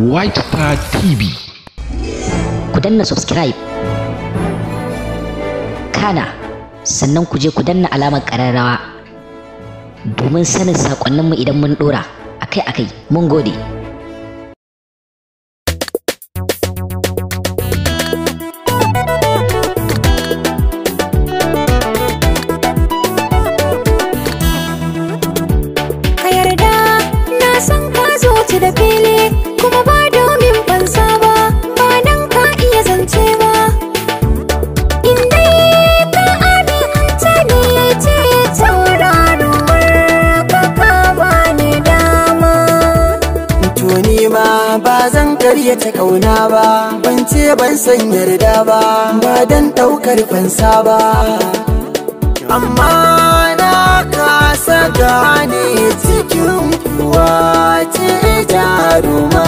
White Star TV. Ku danna subscribe. Kana sannan ku je ku danna alamar ƙararrawa domin sanin saƙonninmu idan mun ɗora akai-akai mun gode. ba zan ta kauna ba ban ce ban san yarda ba ba dan daukar fansa ba amma na kasa gane cikin kuwa ce jaruma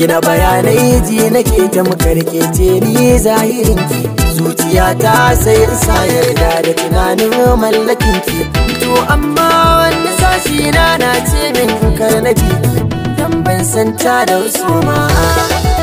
ki na bayanai ji nake ta makarkece ni zahirin ki zuciya ta sai sa yarda da tunanin mallakin ki to amma wani sashi na na ce min kar na biyu dan ban santa da wasu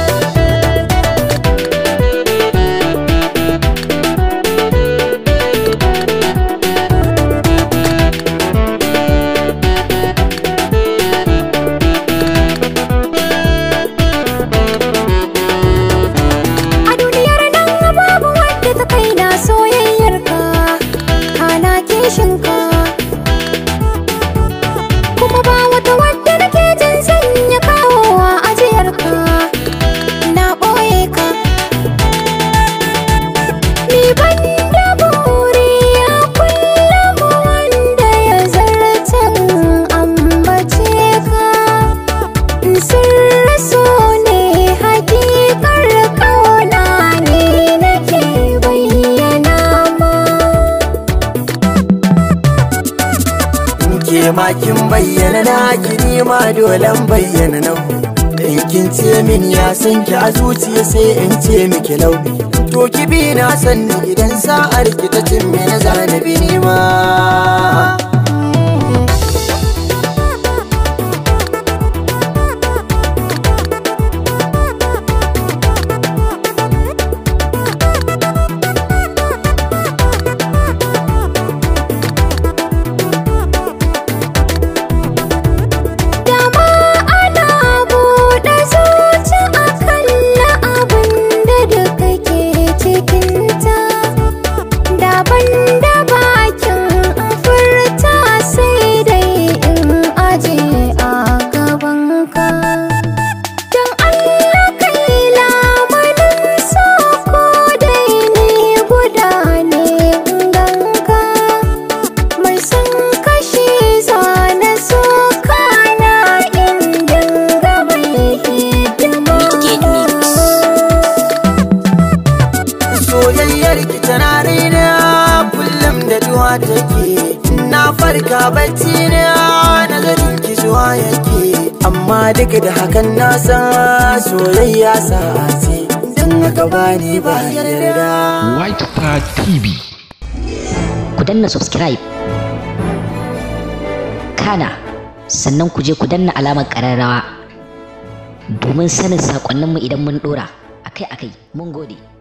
ke kin bayyana na ki ma dolan bayyana nau in kin ce min ya san ki a zuciya sai in ce miki laubi to ki bi na sanni idan sa'ar ki ta cin me na zanabi ni ma take na farka bacci na nazarin ki yake amma duk da hakan na san soyayya sa'ati dan haka bani ba yarda white star tv ku danna subscribe kana sannan ku je ku danna alamar ƙararrawa domin sanin saƙonninmu idan mun ɗora akai-akai mun gode